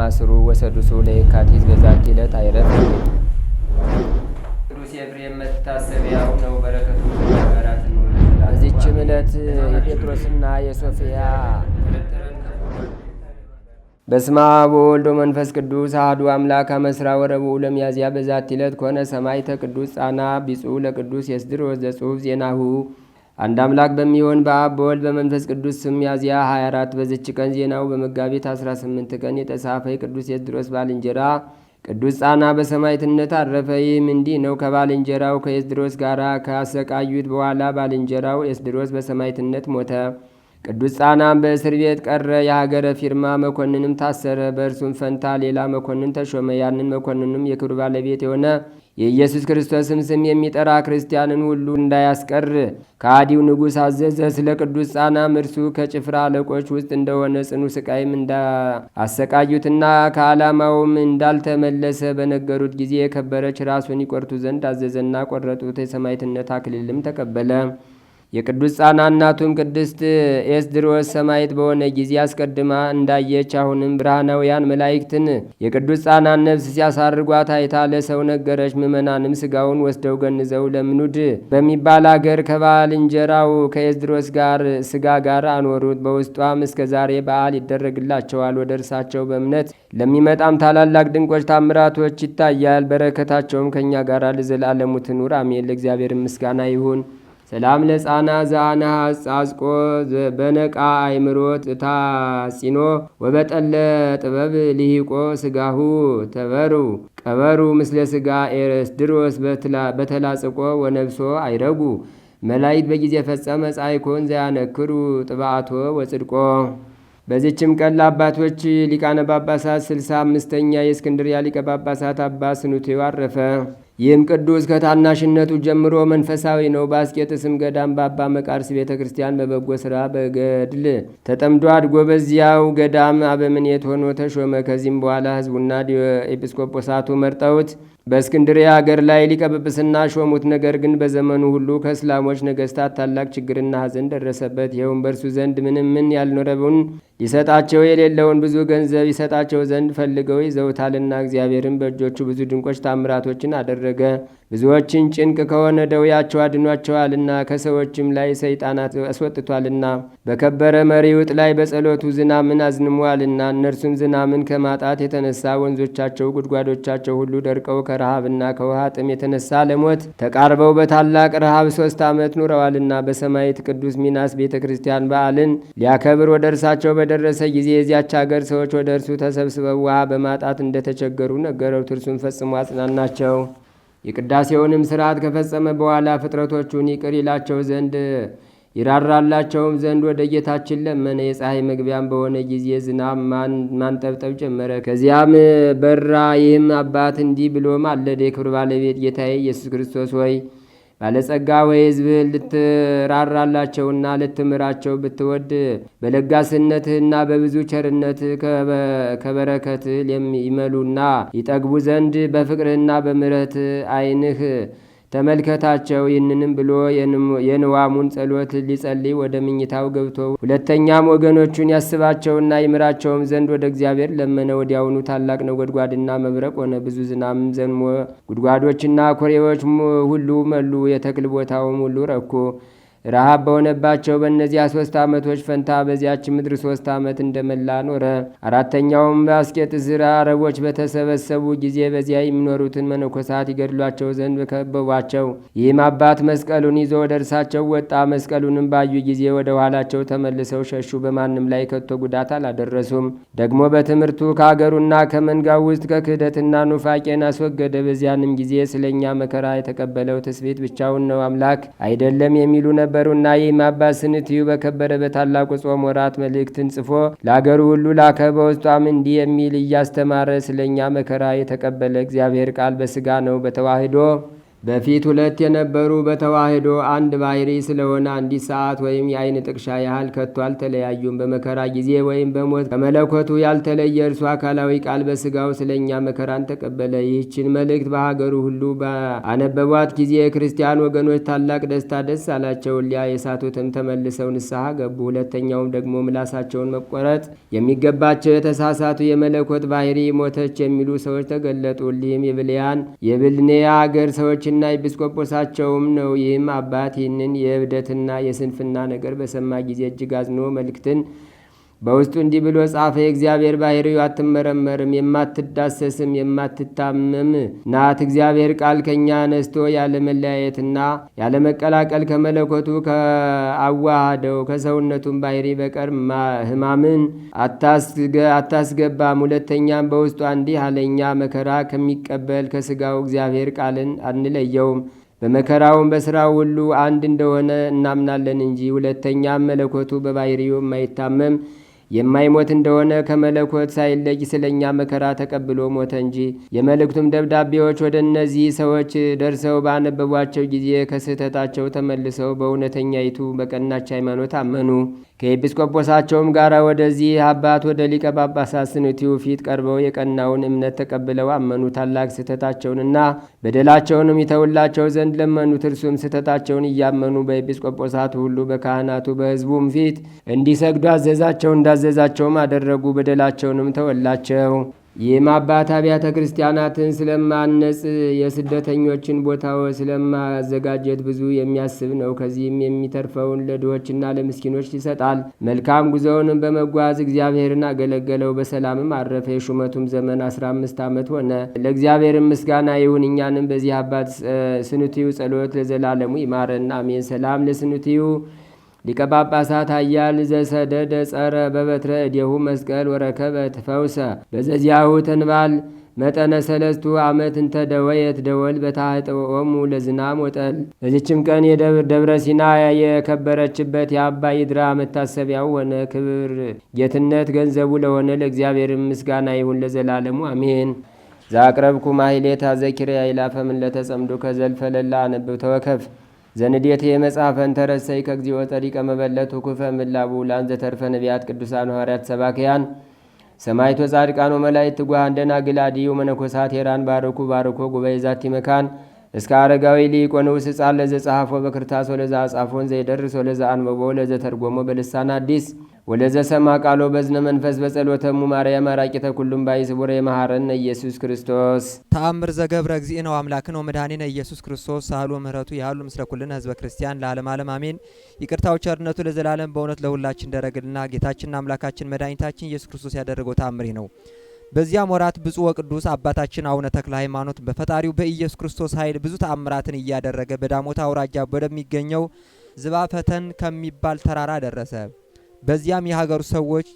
ማስሩ ወሰዱሱ ለየካቲት በዛቲ ዕለት አይረፍ ቅዱስ ኤፍሬም መታሰቢያው ነው። በረከቱ በዚችም ዕለት የጴጥሮስና የሶፊያ በስመ አብ ወወልድ ወመንፈስ ቅዱስ አህዱ አምላክ አመስራ ወረብኡ ለሚያዝያ በዛቲ ዕለት ኮነ ሰማዕተ ቅዱስ ጻና ቢጹ ለቅዱስ የስድሮስ ዘጽሑፍ ዜናሁ አንድ አምላክ በሚሆን በአብ በወልድ በመንፈስ ቅዱስ ስም ሚያዝያ 24 በዝች ቀን ዜናው በመጋቢት 18 ቀን የተጻፈ ቅዱስ የስድሮስ ባልንጀራ ቅዱስ ጻና በሰማዕትነት አረፈ። ይህም እንዲህ ነው። ከባልንጀራው ከኤስድሮስ ጋር ካሰቃዩት በኋላ ባልንጀራው ኤስድሮስ በሰማዕትነት ሞተ። ቅዱስ ጻናም በእስር ቤት ቀረ። የሀገረ ፊርማ መኮንንም ታሰረ። በእርሱም ፈንታ ሌላ መኮንን ተሾመ። ያንን መኮንንም የክብር ባለቤት የሆነ የኢየሱስ ክርስቶስም ስም የሚጠራ ክርስቲያንን ሁሉ እንዳያስቀር ከአዲው ንጉሥ አዘዘ። ስለ ቅዱስ ጻናም እርሱ ከጭፍራ አለቆች ውስጥ እንደሆነ ጽኑ ስቃይም እንዳአሰቃዩትና ከዓላማውም እንዳልተመለሰ በነገሩት ጊዜ የከበረች ራሱን ይቆርጡ ዘንድ አዘዘና ቆረጡት። የሰማዕትነት አክሊልም ተቀበለ። የቅዱስ ጻና እናቱም ቅድስት ኤስድሮስ ሰማይት በሆነ ጊዜ አስቀድማ እንዳየች አሁንም ብርሃናውያን መላእክትን የቅዱስ ነፍስ ሲያሳርጓት አይታ ለሰው ነገረች። ምእመናንም ስጋውን ወስደው ገንዘው ለምኑድ በሚባል አገር ከባል እንጀራው ከኤስድሮስ ጋር ስጋ ጋር አኖሩት። በውስጧም እስከ ዛሬ በዓል ይደረግላቸዋል። ወደ እርሳቸው በእምነት ለሚመጣም ታላላቅ ድንቆች ታምራቶች ይታያል። በረከታቸውም ከእኛ ጋር ለዘላለሙ ትኑር አሜን። ለእግዚአብሔር ምስጋና ይሁን። ሰላም ለጻና ዛና ጻጽቆ በነቃ አይምሮት ታጺኖ ወበጠለ ጥበብ ልሂቆ ስጋሁ ተበሩ ቀበሩ ምስለ ስጋ ኤረስ ድሮስ በተላጽቆ ወነብሶ አይረጉ መላይት በጊዜ ፈጸመ ጻይኮን ዘያነክሩ ጥባአቶ ወጽድቆ። በዚችም ቀን ለአባቶች ሊቃነ ጳጳሳት ስልሳ አምስተኛ የእስክንድርያ ሊቀ ጳጳሳት አባ ስኑቴው አረፈ። ይህም ቅዱስ ከታናሽነቱ ጀምሮ መንፈሳዊ ነው። በአስቄጥስም ገዳም በአባ መቃርስ ቤተ ክርስቲያን በበጎ ስራ በገድል ተጠምዶ አድጎ በዚያው ገዳም አበምኔት ሆኖ ተሾመ። ከዚህም በኋላ ህዝቡና ኤጲስቆጶሳቱ መርጠውት በእስክንድሪያ አገር ላይ ሊቀ ሾሙት። ነገር ግን በዘመኑ ሁሉ ከእስላሞች ነገስታት ታላቅ ችግርና ሐዘን ደረሰበት። ይኸውም በእርሱ ዘንድ ምንም ምን ያልኖረውን ሊሰጣቸው የሌለውን ብዙ ገንዘብ ይሰጣቸው ዘንድ ፈልገው ይዘውታልና እግዚአብሔርም በእጆቹ ብዙ ድንቆች ታምራቶችን አደረገ። ብዙዎችን ጭንቅ ከሆነ ደውያቸው አድኗቸዋልና ከሰዎችም ላይ ሰይጣናት አስወጥቷልና በከበረ መሪ ውጥ ላይ በጸሎቱ ዝናምን አዝንሟልና እነርሱም ዝናምን ከማጣት የተነሳ ወንዞቻቸው፣ ጉድጓዶቻቸው ሁሉ ደርቀው ከረሃብና ከውሃ ጥም የተነሳ ለሞት ተቃርበው በታላቅ ረሃብ ሶስት ዓመት ኑረዋልና በሰማይት ቅዱስ ሚናስ ቤተ ክርስቲያን በዓልን ሊያከብር ወደ እርሳቸው በደረሰ ጊዜ የዚያች አገር ሰዎች ወደ እርሱ ተሰብስበው ውሃ በማጣት እንደተቸገሩ ነገረው እርሱን ፈጽሞ አጽናናቸው። የቅዳሴውንም ስርዓት ከፈጸመ በኋላ ፍጥረቶቹን ይቅር ይላቸው ዘንድ ይራራላቸውም ዘንድ ወደ ጌታችን ለመነ። የፀሐይ መግቢያም በሆነ ጊዜ ዝናብ ማንጠብጠብ ጀመረ። ከዚያም በራ። ይህም አባት እንዲህ ብሎ ማለደ። የክብር ባለቤት ጌታዬ ኢየሱስ ክርስቶስ ወይ። ባለጸጋ ወይ ሕዝብህ ልትራራላቸውና ልትምራቸው ብትወድ በለጋስነትህና በብዙ ቸርነት ከበረከትህ ይመሉና ይጠግቡ ዘንድ በፍቅርህና በምረት አይንህ ተመልከታቸው። ይህንንም ብሎ የንዋሙን ጸሎት ሊጸልይ ወደ ምኝታው ገብቶ ሁለተኛም ወገኖቹን ያስባቸውና ይምራቸውም ዘንድ ወደ እግዚአብሔር ለመነ። ወዲያውኑ ታላቅ ነጎድጓድና መብረቅ ሆነ። ብዙ ዝናም ዘንሞ ጉድጓዶችና ኩሬዎች ሁሉ መሉ። የተክል ቦታውም ሁሉ ረኮ። ረሃብ በሆነባቸው በእነዚያ ሶስት ዓመቶች ፈንታ በዚያች ምድር ሶስት ዓመት እንደመላ ኖረ። አራተኛውም ዝር አረቦች በተሰበሰቡ ጊዜ በዚያ የሚኖሩትን መነኮሳት ይገድሏቸው ዘንድ ከበቧቸው። ይህም አባት መስቀሉን ይዞ ወደ እርሳቸው ወጣ። መስቀሉንም ባዩ ጊዜ ወደ ኋላቸው ተመልሰው ሸሹ። በማንም ላይ ከቶ ጉዳት አላደረሱም። ደግሞ በትምህርቱ ከአገሩና ከመንጋው ውስጥ ከክህደትና ኑፋቄን አስወገደ። በዚያንም ጊዜ ስለኛ መከራ የተቀበለው ትስቤት ብቻውን ነው አምላክ አይደለም የሚሉ ነበር ነበሩና ይህም አባት ስንትዩ በከበረ በታላቁ ጾም ወራት መልእክትን ጽፎ ለአገሩ ሁሉ ላከ። በውስጧም እንዲህ የሚል እያስተማረ ስለ እኛ መከራ የተቀበለ እግዚአብሔር ቃል በስጋ ነው በተዋህዶ በፊት ሁለት የነበሩ በተዋህዶ አንድ ባህሪ ስለሆነ አንዲት ሰዓት ወይም የአይን ጥቅሻ ያህል ከቶ አልተለያዩም። በመከራ ጊዜ ወይም በሞት ከመለኮቱ ያልተለየ እርሱ አካላዊ ቃል በስጋው ስለ እኛ መከራን ተቀበለ። ይህችን መልእክት በሀገሩ ሁሉ በአነበቧት ጊዜ የክርስቲያን ወገኖች ታላቅ ደስታ ደስ አላቸው። ሊያ የሳቱትም ተመልሰው ንስሐ ገቡ። ሁለተኛውም ደግሞ ምላሳቸውን መቆረጥ የሚገባቸው የተሳሳቱ የመለኮት ባህሪ ሞተች የሚሉ ሰዎች ተገለጡ። ሊህም የብልያን የብልኔያ አገር ሰዎች ሰዎችና ኤጲስቆጶሳቸውም ነው። ይህም አባት ይህንን የእብደትና የስንፍና ነገር በሰማ ጊዜ እጅግ አዝኖ መልእክትን በውስጡ እንዲህ ብሎ ጻፈ። የእግዚአብሔር ባሕርዩ አትመረመርም፣ የማትዳሰስም የማትታመም ናት። እግዚአብሔር ቃል ከእኛ ነስቶ ያለመለያየትና ያለመቀላቀል ከመለኮቱ ከአዋሃደው ከሰውነቱም ባሕሪ በቀር ሕማምን አታስገባም። ሁለተኛም በውስጡ እንዲህ አለኛ መከራ ከሚቀበል ከስጋው እግዚአብሔር ቃልን አንለየውም በመከራውም በስራው ሁሉ አንድ እንደሆነ እናምናለን እንጂ። ሁለተኛም መለኮቱ በባሕርዩ የማይታመም የማይሞት እንደሆነ ከመለኮት ሳይለይ ስለኛ መከራ ተቀብሎ ሞተ እንጂ። የመልእክቱም ደብዳቤዎች ወደ እነዚህ ሰዎች ደርሰው ባነበቧቸው ጊዜ ከስህተታቸው ተመልሰው በእውነተኛይቱ በቀናች ሃይማኖት አመኑ። ከኤጲስቆጶሳቸውም ጋር ወደዚህ አባት ወደ ሊቀ ጳጳሳት ስንቲው ፊት ቀርበው የቀናውን እምነት ተቀብለው አመኑ። ታላቅ ስህተታቸውንና በደላቸውንም ይተውላቸው ዘንድ ለመኑት። እርሱም ስህተታቸውን እያመኑ በኤጲስቆጶሳቱ ሁሉ፣ በካህናቱ፣ በሕዝቡም ፊት እንዲሰግዱ አዘዛቸው። እንዳዘዛቸውም አደረጉ። በደላቸውንም ተወላቸው። ይህም አባት አብያተ ክርስቲያናትን ስለማነጽ የስደተኞችን ቦታ ስለማዘጋጀት ብዙ የሚያስብ ነው። ከዚህም የሚተርፈውን ለድሆችና ለምስኪኖች ይሰጣል። መልካም ጉዞውንም በመጓዝ እግዚአብሔርን አገለገለው፣ በሰላምም አረፈ። የሹመቱም ዘመን 15 ዓመት ሆነ። ለእግዚአብሔር ምስጋና ይሁን፣ እኛንም በዚህ አባት ስኑትዩ ጸሎት ለዘላለሙ ይማረና አሜን። ሰላም ለስኑትዩ ሊቀ ጳጳሳት አያል ዘሰደደ ጸረ በበትረ እዴሁ መስቀል ወረከበ ትፈውሰ በዘዚያሁ ተንባል መጠነ ሰለስቱ ዓመት እንተ ደወየት ደወል በታጠወሙ ለዝናም ወጠል። በዚችም ቀን የደብረ ሲና የከበረችበት የአባ ይድራ መታሰቢያው ሆነ። ክብር ጌትነት ገንዘቡ ለሆነ ለእግዚአብሔር ምስጋና ይሁን ለዘላለሙ አሜን። ዛቅረብኩ ማህሌታ ዘኪርያ ይላፈምን ለተጸምዶ ከዘልፈለላ አንብብ ተወከፍ ዘንዴት የመጽሐፈን ተረሰይ ከእግዚኦ ጠሪቀ መበለት ክፈ ምላቡ ላን ዘተርፈ ነቢያት ቅዱሳን ሐዋርያት ሰባክያን ሰማይቶ ጻድቃኖ መላይት ትጓህ እንደና ግላዲዩ መነኮሳት ሄራን ባርኩ ባርኮ ጉባኤ ዛቲ መካን እስከ አረጋዊ ሊቆ ንዑስ ሕፃን ለዘ ጸሐፎ በክርታስ ወለዘ አጻፎን ዘይደርስ ወለዘ አንበቦ ወለዘ ተርጎሞ በልሳን አዲስ ወለዘ ሰማ ቃሎ በዝነ መንፈስ በጸሎተሙ ማርያም አራቂተ ኩሉም ባይ ስቡረ የመሐረነ ኢየሱስ ክርስቶስ ተአምር ዘገብረ እግዚእ ነው ነው ወመድኃኒነ ኢየሱስ ክርስቶስ ሳህሉ ምህረቱ ያህሉ ምስለ ኩልነ ህዝበ ክርስቲያን ለዓለም ዓለም አሜን። ይቅርታው ቸርነቱ ለዘላለም በእውነት ለሁላችን ደረግልና ጌታችንና አምላካችን መድኃኒታችን ኢየሱስ ክርስቶስ ያደረገው ተአምር ነው። በዚያም ወራት ብፁዕ ወቅዱስ አባታችን አቡነ ተክለ ሃይማኖት በፈጣሪው በኢየሱስ ክርስቶስ ኃይል ብዙ ተአምራትን እያደረገ በዳሞታ አውራጃ ወደሚገኘው ዝባፈተን ከሚባል ተራራ ደረሰ። በዚያም የሀገሩ ሰዎች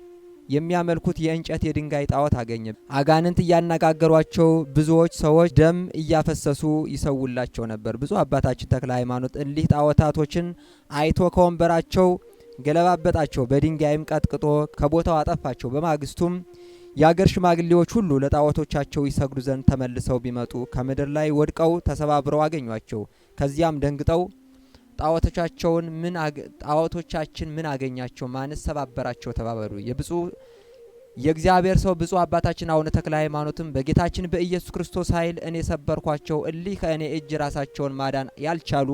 የሚያመልኩት የእንጨት የድንጋይ ጣዖት አገኘ። አጋንንት እያነጋገሯቸው ብዙዎች ሰዎች ደም እያፈሰሱ ይሰውላቸው ነበር። ብፁዕ አባታችን ተክለ ሃይማኖት እሊህ ጣዖታቶችን አይቶ ከወንበራቸው ገለባበጣቸው፣ በድንጋይም ቀጥቅጦ ከቦታው አጠፋቸው። በማግስቱም የአገር ሽማግሌዎች ሁሉ ለጣዖቶቻቸው ይሰግዱ ዘንድ ተመልሰው ቢመጡ ከምድር ላይ ወድቀው ተሰባብረው አገኟቸው። ከዚያም ደንግጠው ጣዖቶቻቸውን ምን ጣዖቶቻችን ምን አገኛቸው? ማንስ ሰባበራቸው? ተባበሉ። የብፁ የእግዚአብሔር ሰው ብፁዕ አባታችን አቡነ ተክለ ሃይማኖትም በጌታችን በኢየሱስ ክርስቶስ ኃይል እኔ ሰበርኳቸው፣ እሊህ ከእኔ እጅ ራሳቸውን ማዳን ያልቻሉ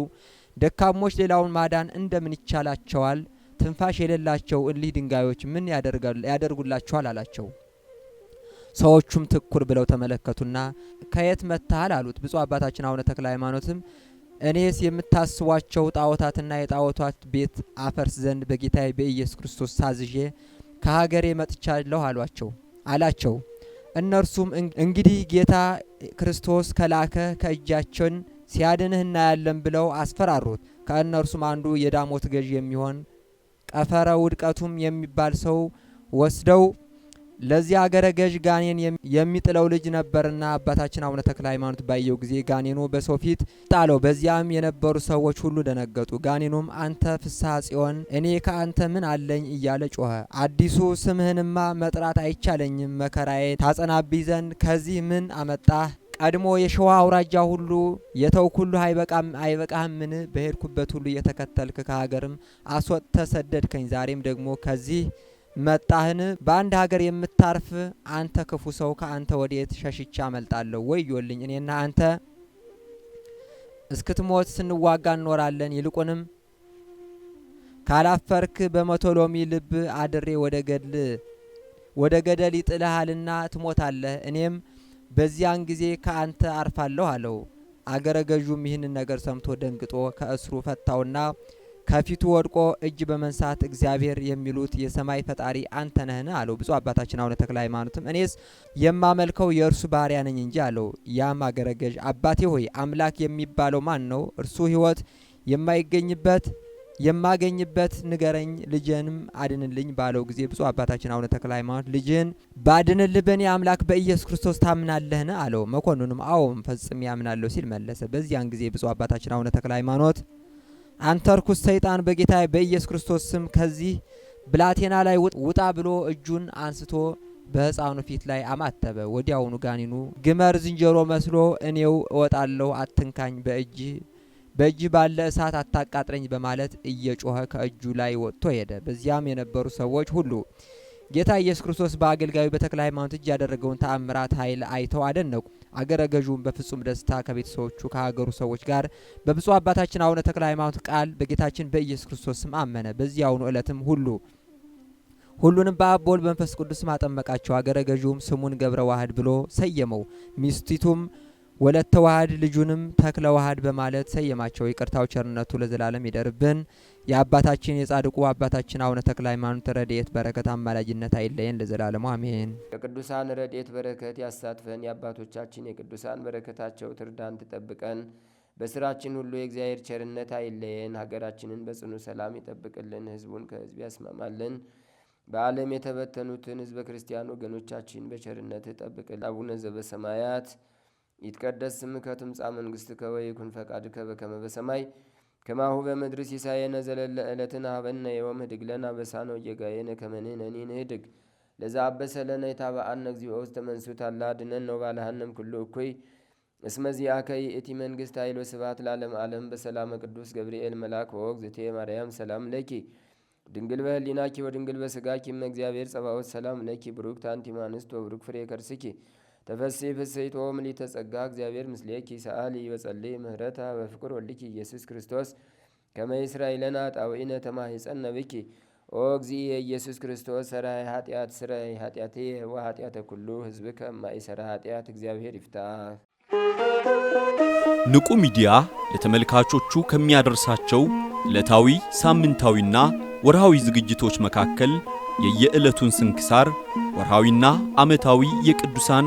ደካሞች ሌላውን ማዳን እንደምን ይቻላቸዋል? ትንፋሽ የሌላቸው እሊህ ድንጋዮች ምን ያደርጉላቸዋል? አላቸው። ሰዎቹም ትኩር ብለው ተመለከቱና ከየት መጥተሃል አሉት። ብፁዕ አባታችን አቡነ ተክለ ሃይማኖትም እኔስ የምታስቧቸው ጣዖታትና የጣዖታት ቤት አፈርስ ዘንድ በጌታዬ በኢየሱስ ክርስቶስ ሳዝዤ ከሀገሬ መጥቻለሁ አሏቸው አላቸው። እነርሱም እንግዲህ ጌታ ክርስቶስ ከላከ ከእጃችን ሲያድንህ እናያለን ብለው አስፈራሩት። ከእነርሱም አንዱ የዳሞት ገዥ የሚሆን ቀፈረ ውድቀቱም የሚባል ሰው ወስደው ለዚህ አገረ ገዥ ጋኔን የሚጥለው ልጅ ነበርና አባታችን አቡነ ተክለ ሃይማኖት ባየው ጊዜ ጋኔኑ በሰው ፊት ጣለው። በዚያም የነበሩ ሰዎች ሁሉ ደነገጡ። ጋኔኑም አንተ ፍስሐ ጽዮን እኔ ከአንተ ምን አለኝ እያለ ጮኸ። አዲሱ ስምህንማ መጥራት አይቻለኝም፣ መከራዬ ታጸናብኝ ዘንድ ከዚህ ምን አመጣህ? ቀድሞ የሸዋ አውራጃ ሁሉ የተው ሁሉ ምን በሄድኩበት ሁሉ እየተከተልክ ከሀገርም አስወጥ ተሰደድከኝ። ዛሬም ደግሞ ከዚህ መጣህን? በአንድ ሀገር የምታርፍ አንተ ክፉ ሰው ከአንተ ወዴት ሸሽቻ አመልጣለሁ? ወዮልኝ! እኔና አንተ እስክትሞት ስንዋጋ እንኖራለን። ይልቁንም ካላፈርክ በመቶ ሎሚ ልብ አድሬ ወደ ገድል ወደ ገደል ይጥልሃልና ትሞታለህ። እኔም በዚያን ጊዜ ከአንተ አርፋለሁ አለው። አገረ ገዡም ይህንን ነገር ሰምቶ ደንግጦ ከእስሩ ፈታውና ከፊቱ ወድቆ እጅ በመንሳት እግዚአብሔር የሚሉት የሰማይ ፈጣሪ አንተ ነህን? አለው። ብፁዕ አባታችን አቡነ ተክለ ሃይማኖትም እኔስ የማመልከው የእርሱ ባሪያ ነኝ እንጂ አለው። ያም አገረገዥ አባቴ ሆይ አምላክ የሚባለው ማን ነው? እርሱ ህይወት የማይገኝበት የማገኝበት ንገረኝ፣ ልጅንም አድንልኝ ባለው ጊዜ ብፁዕ አባታችን አቡነ ተክለ ሃይማኖት ልጅን ባድንልህ በእኔ አምላክ በኢየሱስ ክርስቶስ ታምናለህን? አለው። መኮንኑም አዎም ፈጽሜ ያምናለሁ ሲል መለሰ። በዚያን ጊዜ ብፁዕ አባታችን አቡነ ተክለ ሃይማኖት አንተ ርኩስ ሰይጣን በጌታ በኢየሱስ ክርስቶስ ስም ከዚህ ብላቴና ላይ ውጣ ብሎ እጁን አንስቶ በሕፃኑ ፊት ላይ አማተበ። ወዲያውኑ ጋኒኑ ግመር ዝንጀሮ መስሎ እኔው እወጣለሁ፣ አትንካኝ፣ በእጅ በእጅ ባለ እሳት አታቃጥረኝ በማለት እየጮኸ ከእጁ ላይ ወጥቶ ሄደ። በዚያም የነበሩ ሰዎች ሁሉ ጌታ ኢየሱስ ክርስቶስ በአገልጋዩ በተክለ ሃይማኖት እጅ ያደረገውን ተአምራት ኃይል አይተው አደነቁ። አገረ ገዡም በፍጹም ደስታ ከቤተሰቦቹ ከሀገሩ ሰዎች ጋር በብፁዕ አባታችን አቡነ ተክለ ሃይማኖት ቃል በጌታችን በኢየሱስ ክርስቶስ ስም አመነ። በዚያውኑ ዕለትም ሁሉ ሁሉንም በአብ በወልድ በመንፈስ ቅዱስ ማጠመቃቸው። አገረ ገዡም ስሙን ገብረ ዋህድ ብሎ ሰየመው። ሚስቲቱም ወለተ ዋህድ ልጁንም ተክለ ዋህድ በማለት ሰየማቸው። ይቅርታው ቸርነቱ ለዘላለም ይደርብን። የአባታችን የጻድቁ አባታችን አቡነ ተክለ ሃይማኖት ረድኤት በረከት አማላጅነት አይለየን ለዘላለሙ አሜን። የቅዱሳን ረድኤት በረከት ያሳትፈን። የአባቶቻችን የቅዱሳን በረከታቸው ትርዳን፣ ትጠብቀን። በስራችን ሁሉ የእግዚአብሔር ቸርነት አይለየን። ሀገራችንን በጽኑ ሰላም ይጠብቅልን፣ ህዝቡን ከህዝብ ያስማማልን። በዓለም የተበተኑትን ህዝበ ክርስቲያን ወገኖቻችን በቸርነት ይጠብቅልን። አቡነ ዘበሰማያት ይትቀደስ ስምከ ትምጻእ መንግሥትከ ወይኩን ፈቃድከ በከመ በሰማይ ከማሁ በምድሪ ሲሳየነ ዘለለ ዕለትነ ሀበነ ዮም ህድግ ለነ አበሳነ ወጌጋየነ ከመ ንሕነኒ ንህድግ ለዘአበሰለነ የታበአነ እግዚኦ ውስተ መንሱት አላ አድኅነነ ወባልሐነም ኩሉ እኩይ እስመ ዚአከ ይእቲ መንግሥት ኃይል ወስብሐት ለዓለመ ዓለም በሰላመ ቅዱስ ገብርኤል መልአክ ወእግዝእትየ ማርያም ሰላም ለኪ ድንግል በህሊናኪ ወድንግል በሥጋኪ እም እግዚአብሔር ጸባኦት ሰላም ለኪ ብሩክት አንቲ እምአንስት ወብሩክ ፍሬ ከርስኪ ተፈሲ ፍስሕቶ ምልዕተ ጸጋ እግዚአብሔር ምስሌኪ ሰአሊ በጸልይ ምህረታ በፍቅር ወልኪ ኢየሱስ ክርስቶስ ከመ ይስራኤለና ጣውዒነ ተማሂፀነ ብኪ ኦ እግዚእ ኢየሱስ ክርስቶስ ሰራይ ኃጢአት ስራይ ኃጢአቴ ወኃጢአተ ኩሉ ህዝብ ከማይሰራ ኃጢአት እግዚአብሔር ይፍታ። ንቁ ሚዲያ ለተመልካቾቹ ከሚያደርሳቸው ዕለታዊ ሳምንታዊና ወርሃዊ ዝግጅቶች መካከል የየዕለቱን ስንክሳር ወርሃዊና ዓመታዊ የቅዱሳን